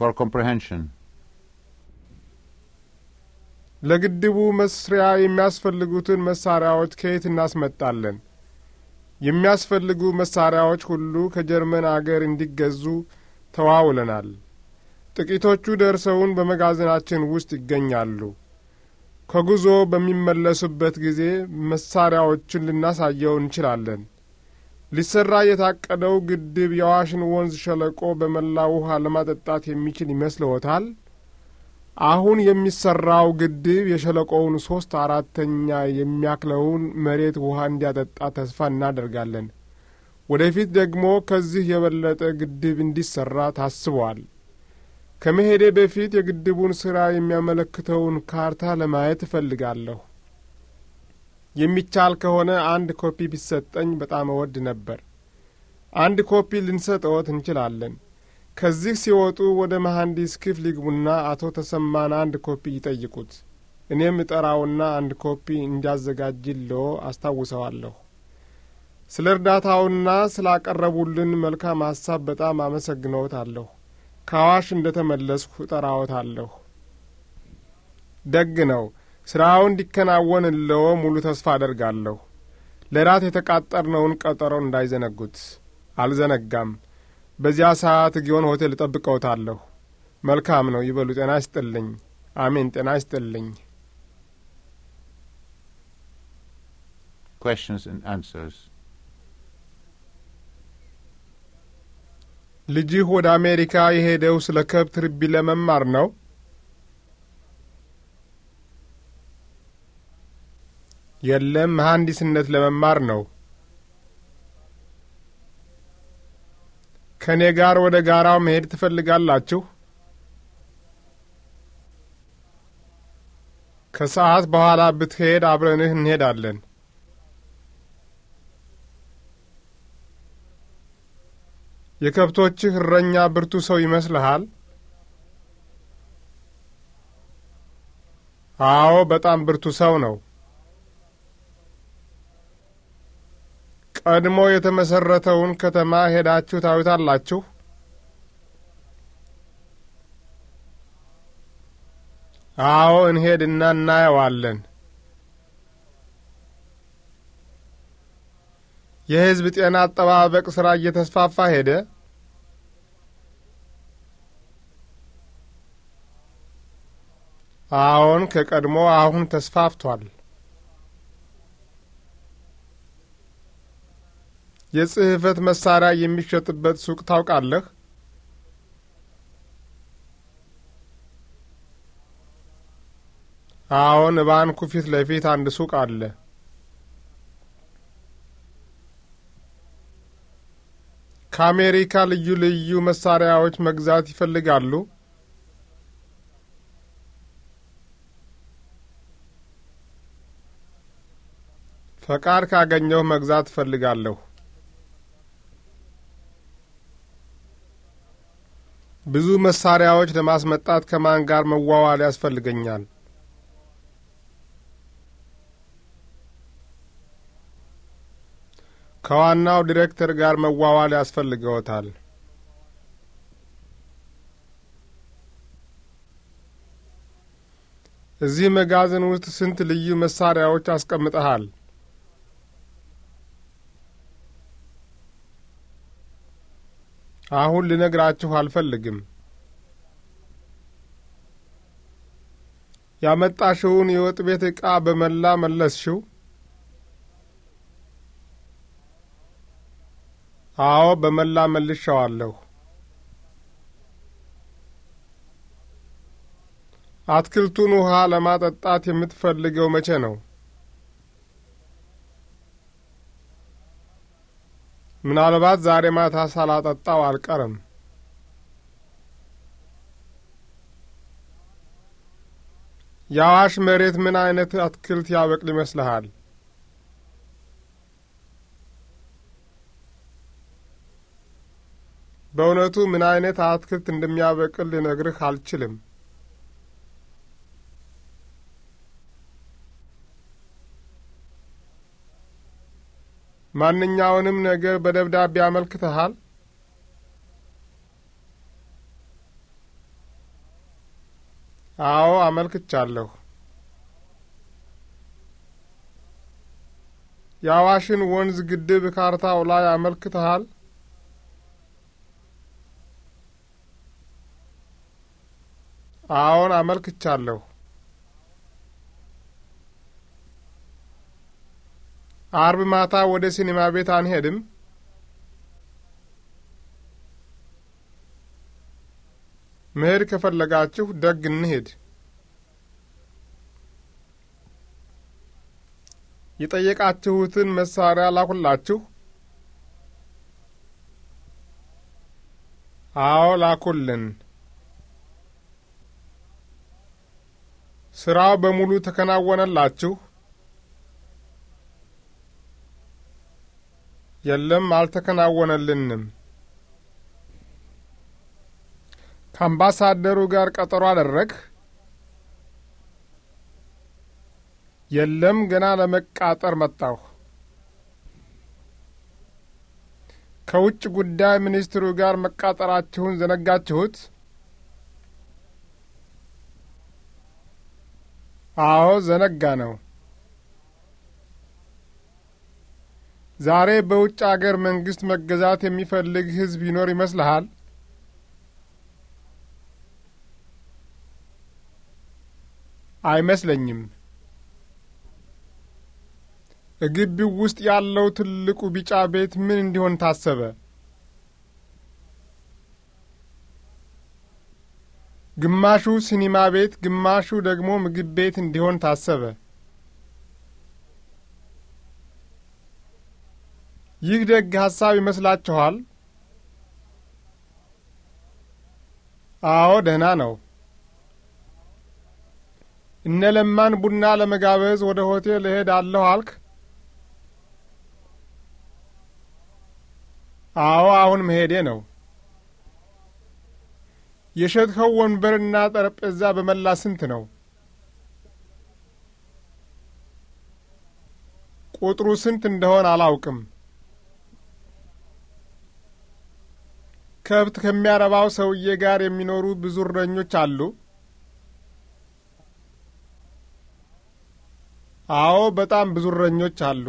for comprehension ለግድቡ መስሪያ የሚያስፈልጉትን መሳሪያዎች ከየት እናስመጣለን? የሚያስፈልጉ መሳሪያዎች ሁሉ ከጀርመን አገር እንዲገዙ ተዋውለናል። ጥቂቶቹ ደርሰውን በመጋዘናችን ውስጥ ይገኛሉ። ከጉዞ በሚመለሱበት ጊዜ መሳሪያዎችን ልናሳየው እንችላለን። ሊሰራ የታቀደው ግድብ የዋሽን ወንዝ ሸለቆ በመላ ውሃ ለማጠጣት የሚችል ይመስልዎታል? አሁን የሚሰራው ግድብ የሸለቆውን ሶስት አራተኛ የሚያክለውን መሬት ውሃ እንዲያጠጣ ተስፋ እናደርጋለን። ወደፊት ደግሞ ከዚህ የበለጠ ግድብ እንዲሰራ ታስበዋል። ከመሄዴ በፊት የግድቡን ሥራ የሚያመለክተውን ካርታ ለማየት እፈልጋለሁ። የሚቻል ከሆነ አንድ ኮፒ ቢሰጠኝ በጣም እወድ ነበር። አንድ ኮፒ ልንሰጠዎት እንችላለን። ከዚህ ሲወጡ ወደ መሐንዲስ ክፍል ሊግቡና አቶ ተሰማን አንድ ኮፒ ይጠይቁት። እኔም እጠራውና አንድ ኮፒ እንዲያዘጋጅልዎ አስታውሰዋለሁ። ስለ እርዳታውና ስላቀረቡልን መልካም ሐሳብ በጣም አመሰግነዎታለሁ። ከአዋሽ እንደ ተመለስሁ እጠራዎታለሁ። ደግ ነው። ሥራው እንዲከናወንልዎ ሙሉ ተስፋ አደርጋለሁ። ለራት የተቃጠርነውን ቀጠሮ እንዳይዘነጉት። አልዘነጋም። በዚያ ሰዓት ጊዮን ሆቴል እጠብቀውታለሁ። መልካም ነው። ይበሉ። ጤና ይስጥልኝ። አሜን። ጤና ይስጥልኝ። ልጅህ ወደ አሜሪካ የሄደው ስለ ከብት ርቢ ለመማር ነው? የለም፣ መሐንዲስነት ለመማር ነው። ከእኔ ጋር ወደ ጋራው መሄድ ትፈልጋላችሁ? ከሰዓት በኋላ ብትሄድ አብረንህ እንሄዳለን። የከብቶችህ እረኛ ብርቱ ሰው ይመስልሃል? አዎ፣ በጣም ብርቱ ሰው ነው። ቀድሞ የተመሰረተውን ከተማ ሄዳችሁ ታዩታላችሁ። አዎ እንሄድና እናየዋለን። የሕዝብ ጤና አጠባበቅ ሥራ እየተስፋፋ ሄደ። አዎን፣ ከቀድሞ አሁን ተስፋፍቷል። የጽህፈት መሳሪያ የሚሸጥበት ሱቅ ታውቃለህ? አዎን፣ ባንኩ ፊት ለፊት አንድ ሱቅ አለ። ከአሜሪካ ልዩ ልዩ መሳሪያዎች መግዛት ይፈልጋሉ? ፈቃድ ካገኘሁ መግዛት እፈልጋለሁ። ብዙ መሳሪያዎች ለማስመጣት ከማን ጋር መዋዋል ያስፈልገኛል? ከዋናው ዲሬክተር ጋር መዋዋል ያስፈልገዎታል። እዚህ መጋዘን ውስጥ ስንት ልዩ መሳሪያዎች አስቀምጠሃል? አሁን ልነግራችሁ አልፈልግም። ያመጣሽውን የወጥ ቤት ዕቃ በመላ መለስሽው? አዎ፣ በመላ መልሸዋለሁ። አትክልቱን ውሃ ለማጠጣት የምትፈልገው መቼ ነው? ምናልባት ዛሬ ማታ ሳላጠጣው አልቀርም። የአዋሽ መሬት ምን አይነት አትክልት ያበቅል ይመስልሃል? በእውነቱ ምን አይነት አትክልት እንደሚያበቅል ልነግርህ አልችልም። ማንኛውንም ነገር በደብዳቤ አመልክተሃል? አዎ አመልክቻለሁ። የአዋሽን ወንዝ ግድብ ካርታው ላይ አመልክተሃል? አዎን አመልክቻለሁ። አርብ ማታ ወደ ሲኒማ ቤት አንሄድም? መሄድ ከፈለጋችሁ ደግ እንሄድ። የጠየቃችሁትን መሳሪያ ላኩላችሁ? አዎ ላኩልን። ስራው በሙሉ ተከናወነላችሁ? የለም፣ አልተከናወነልንም። ከአምባሳደሩ ጋር ቀጠሮ አደረግህ? የለም፣ ገና ለመቃጠር መጣሁ። ከውጭ ጉዳይ ሚኒስትሩ ጋር መቃጠራችሁን ዘነጋችሁት? አዎ፣ ዘነጋ ነው። ዛሬ በውጭ አገር መንግስት መገዛት የሚፈልግ ህዝብ ይኖር ይመስልሃል? አይመስለኝም። እግቢው ውስጥ ያለው ትልቁ ቢጫ ቤት ምን እንዲሆን ታሰበ? ግማሹ ሲኒማ ቤት፣ ግማሹ ደግሞ ምግብ ቤት እንዲሆን ታሰበ። ይህ ደግ ሐሳብ ይመስላችኋል? አዎ፣ ደህና ነው። እነ ለማን ቡና ለመጋበዝ ወደ ሆቴል እሄዳለሁ አልክ? አዎ፣ አሁን መሄዴ ነው። የሸጥኸው ወንበርና ጠረጴዛ በመላ ስንት ነው? ቁጥሩ ስንት እንደሆነ አላውቅም። ከብት ከሚያረባው ሰውዬ ጋር የሚኖሩ ብዙ እረኞች አሉ? አዎ፣ በጣም ብዙ እረኞች አሉ።